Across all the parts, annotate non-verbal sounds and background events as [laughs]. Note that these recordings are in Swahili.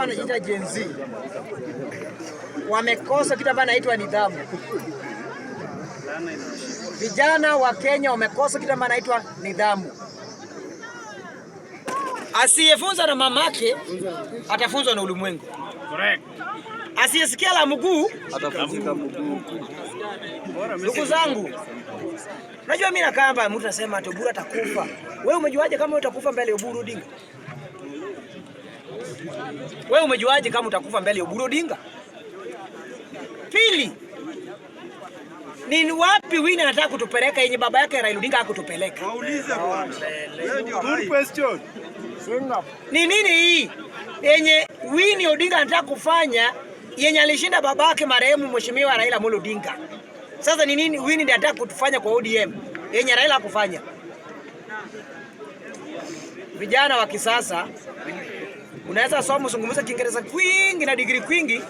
ambao wanajiita Gen Z wamekosa kitu ambacho inaitwa nidhamu. Vijana wa Kenya wamekosa kitu ambacho inaitwa nidhamu. Asiyefunza na mamake atafunzwa na ulimwengu. Correct. Asiyesikia la mguu atafunzika mguu. Ndugu zangu, unajua mimi nakaa hapa, mtu anasema ati atakufa. Wewe umejuaje kama utakufa mbele ya Oburu Odinga? Wewe umejuaje kama utakufa mbele ya Oburu Odinga? Pili, ni wapi wini anataka kutupeleka yenye baba yake Raila Odinga akutupeleka Waulize bwana. Good question. Ni nini hii yenye wini Odinga anataka kufanya yenye alishinda babake marehemu mheshimiwa Raila Amolo Odinga? Sasa ni nini wini ndiye anataka kutufanya kwa ODM yenye Raila akufanya Vijana wa kisasa Unaweza soma uzungumza Kiingereza kwingi na digrii kwingi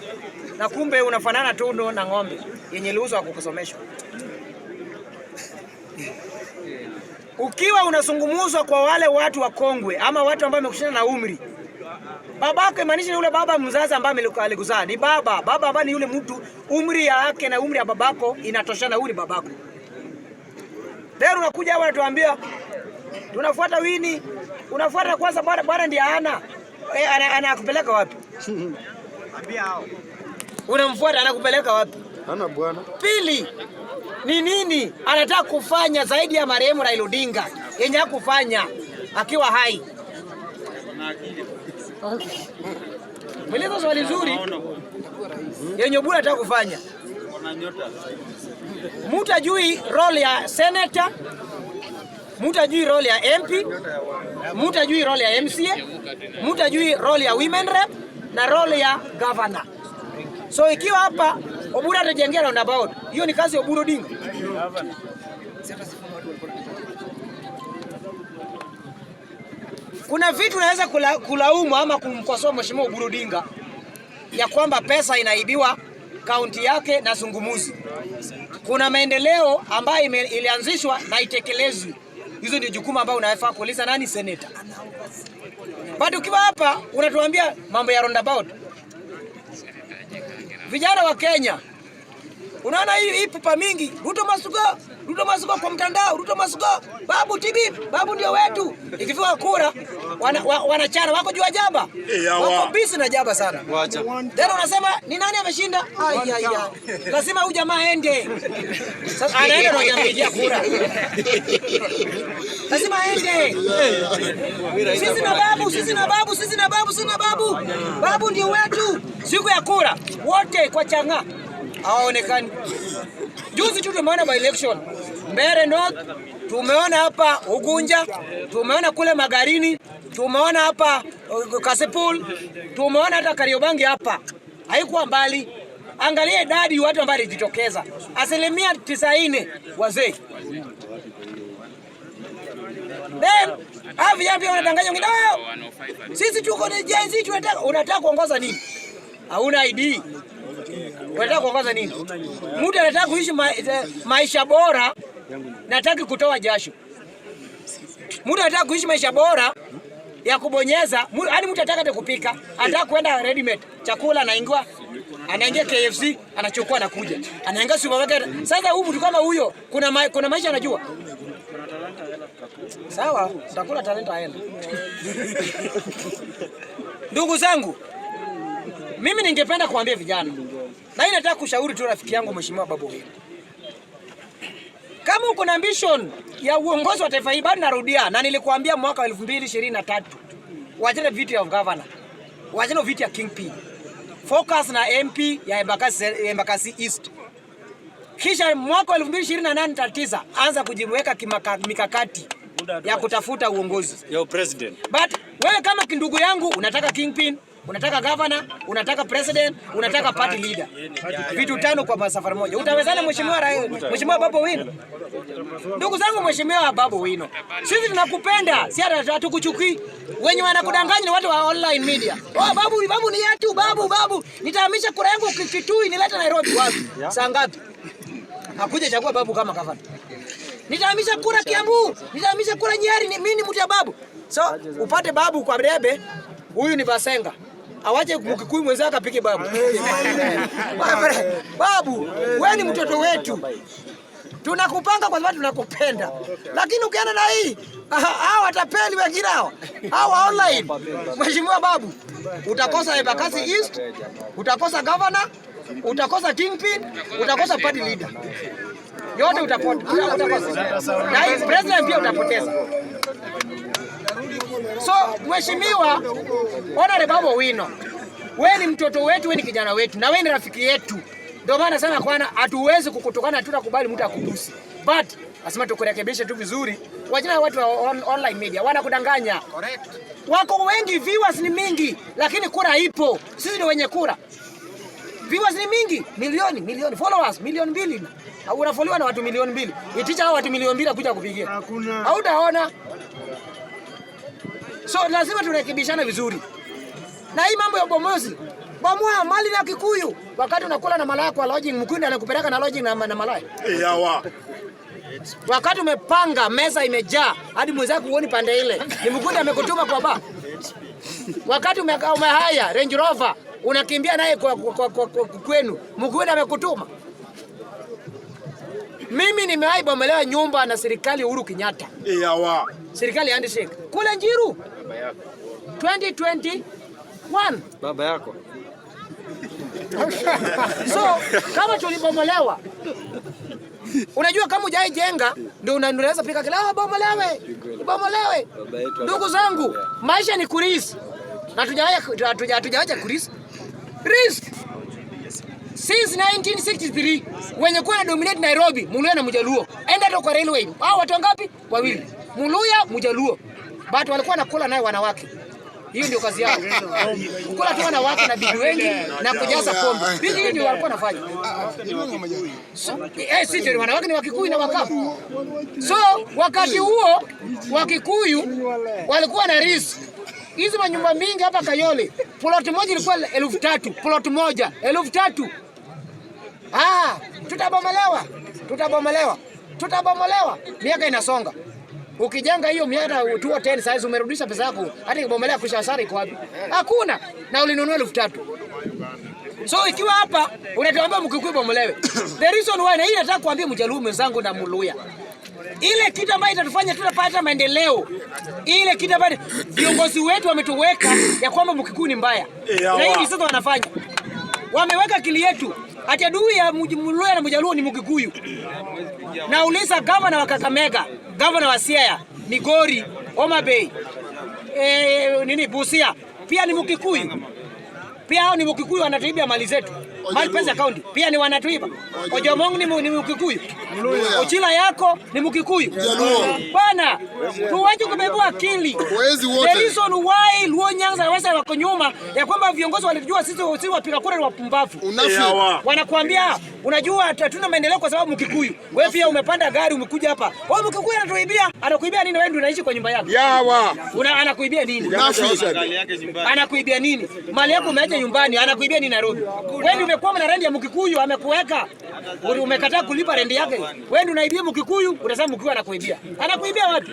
na kumbe unafanana tu ndo na ng'ombe yenye ruhusa ya kukusomeshwa. Ukiwa unazungumzwa kwa wale watu wa kongwe ama watu ambao wamekushana na umri, babako imaanisha yule baba mzazi ambaye alikuzaa ni baba baba ambaye ni yule mtu umri yake na umri ya babako inatoshana, huyu ni babako. Leo unakuja hapa unatuambia tunafuata wini, unafuata kwanza bara bara ndiye ana Eh, anakupeleka wapi? Unamfuata, anakupeleka wapi? Ana bwana. Pili ni nini anataka kufanya zaidi ya marehemu Raila Odinga yenye akufanya akiwa hai? Mwelezo swali nzuri yenye bwana anataka kufanya. Mtu ajui role ya senator mtu ajui role ya MP, mtu ajui role ya MCA, mtu ajui role ya women rep na role ya governor. So ikiwa hapa Oburu atajengea roundabout, hiyo ni kazi ya Oburu Odinga. Kuna vitu naweza kula, kulaumu ama kumkosoa mheshimiwa Oburu Odinga ya kwamba pesa inaibiwa kaunti yake na zungumuzi. Kuna maendeleo ambayo ilianzishwa na itekelezwi. Hizo ndio jukumu ambayo unafaa kuuliza nani seneta. Bado ukiwa hapa unatuambia mambo ya roundabout. Vijana wa Kenya unaona hii ipupa mingi Ruto Masugo, Ruto Masugo kwa mtandao, Ruto Masugo, babu tibi, babu ndio wetu. Ikifika kura wanachana wana, wako juu ajaba. Eh, wako busy na jaba sana. Tena unasema ni nani ameshinda? Ayaya. Lazima huyu jamaa ende Sasa anaenda na kura. [laughs] lazima aende. Sisi na babu, sisi na babu, sisi na babu, sisi na babu. Babu ndio wetu. Siku ya kura wote kwa changa hawaonekani. Juzi tu tumeona by election Mbeere North, tumeona hapa Ugunja, tumeona kule Magarini, tumeona hapa uh, Kasipul, tumeona hata Kariobangi hapa, haikuwa mbali. Angalia idadi watu ambao walijitokeza, asilimia tisaini wazee. Then hawa vijana pia wanadanganya wengine, sisi tuko ni Gen Z tunataka. Unataka kuongoza nini? Hauna ID. Unataka kuongoza nini? Mtu anataka kuishi ma, eh, maisha bora, nataki kutoa jasho. Mtu anataka kuishi maisha bora ya kubonyeza, yaani mtu anataka hata kupika, anataka kwenda ready made chakula, anaingia anaingia KFC anachukua, anakuja anaingia supermarket. Sasa huyu mtu kama huyo, kuna ma, kuna maisha anajua Sawa, takula talenta aenda. Ndugu zangu, mimi ningependa kuambia vijana na hii nataka kushauri tu rafiki yangu Mheshimiwa Babu Owino, kama uko na ambition ya uongozi wa taifa hili, bado narudia na nilikuambia mwaka wa 2023 wachana viti ya governor, wachana viti ya King P, focus na MP ya Embakasi, Embakasi East kisha mwaka 2028 29 anza kujiweka mikakati ya kutafuta uongozi Yo, president. But wewe kama kindugu yangu unataka kingpin, unataka governor, unataka president, unataka party leader, vitu tano kwa safari moja, utawezana mheshimiwa rais, mheshimiwa Babu Wino? Ndugu zangu, mheshimiwa Babu Wino, sisi tunakupenda, si hatukuchukii. Wenye wanakudanganya ni watu wa online media. Oh, babu babu ni yatu babu babu, nitahamisha kura yangu Kitui nileta Nairobi. Wapi? Saa ngapi? Hakuja chagua babu kama kavata. Nitahamisha kura Kiambu, nitahamisha kura Nyeri, ni mimi mtu babu. So upate babu kwa Mrebe, huyu ni Basenga. Awache mkikuyu mwenzake apike babu. [laughs] Babu, wewe ni mtoto wetu. Tunakupanga kwa sababu tunakupenda. Lakini ukienda na hii, hao watapeli wengine hao. Hao online. Mheshimiwa babu, utakosa Embakasi East, utakosa governor utakosa team pin, utakosa party leader, yote utakosa, na hii president pia utapoteza. So mheshimiwa Honorable Babu Owino, wewe ni mtoto wetu, wewe ni kijana wetu, na wewe ni rafiki yetu. Ndio maana sana kwana hatuwezi kukutukana, tutakubali mtu akugusi but lazima tukurekebishe tu vizuri. Wajina watu wa on, online media wanakudanganya, correct? Wako wengi, viewers ni mingi, lakini kura ipo. Sisi ni wenye kura viewers ni mingi, milioni milioni followers milioni mbili, na unafollowa na watu milioni mbili. Iticha hao watu milioni mbili kuja kupigia, hautaona. So lazima turekebishane vizuri, na hii mambo ya bomozi bomoa mali na Kikuyu, wakati unakula na malaya kwa lodging, mkundi anakupeleka na lodging na, na malaya yawa eh, wakati umepanga meza imejaa hadi mwenzako uoni pande ile, ni mkundi amekutuma kwa ba wakati umekaa umehaya Range Rover unakimbia naye kwa, kwa, kwa, kwa, kwenu mkuenda amekutuma. Mimi nimewahi bomolewa nyumba na serikali Uhuru Kenyatta, serikali handshake kule Njiru 2021 baba yako [laughs] so kama tulibomolewa, unajua kama hujajenga ndio unaweza pika kila bomolewe ibomolewe. Ndugu zangu, maisha ni kuris na hatujawacha kurithi risk since 1963 wenye kuwa na dominate Nairobi, Muluya na Mjaluo. Enda to kwa railway, hao watu wangapi? Wawili, Muluya Mjaluo, but walikuwa nakula naye wanawake hiyo ndio kazi yao, kula tu na watu na bibi wengi na kujaza pombe. Hiyo ndio walikuwa wanafanya. Eh, si ndio wanawake ni Wakikuyu na Wakapu. So wakati huo Wakikuyu walikuwa na risk. hizi manyumba mingi hapa Kayole, plot moja ilikuwa elfu tatu plot moja elfu tatu Ah, tutabomolewa, tutabomolewa, tutabomolewa. Miaka inasonga. Ukijenga hiyo miaka utua 10 saizi umerudisha pesa yako, hata kibomelea kisha hasara iko wapi? Hakuna. Na ulinunua elfu tatu. So ikiwa hapa unatuambia mkikuyu bomolewe. [coughs] The reason why na hii nataka kuambia mjaluo mwenzangu na Muluya. Ile kitu ambayo itatufanya tutapata maendeleo. Ile kitu ambayo [coughs] viongozi wetu wametuweka ya kwamba mkikuyu ni mbaya. Eh, na hii sasa wanafanya. Wameweka akili yetu Ati adui ya Mluya na Mjaluo ni Mkikuyu. Nauliza gavana wa Kakamega, gavana wa Siaya, Migori, Homa Bay, e, nini Busia pia ni Mkikuyu, pia hao ni Mkikuyu, wanatuibia mali zetu. Malpenzi kaunti pia ni Wanatwiva, Ojomong ni Mkikuyu. Ochila yako ni Mukikuyu. Bwana, tuwache kubebwa akili. The reason why Luo Nyanza waweza wako nyuma ya kwamba viongozi walijua sisi wapiga kura ni wapumbavu, wanakuambia Unajua hatuna maendeleo kwa sababu Mkikuyu. Wewe pia umepanda gari umekuja hapa. Wewe Mkikuyu anatuibia, anakuibia nini? Wewe ndio unaishi kwa nyumba yako. Yawa. Una anakuibia nini? Anakuibia nini? Mali yako umeacha nyumbani, anakuibia nini Nairobi? Wewe ndio umekuwa na rendi ya Mkikuyu amekuweka. Umekataa kulipa rendi yake. Wewe ndio unaibia Mkikuyu, unasema Mkikuyu anakuibia. Anakuibia wapi?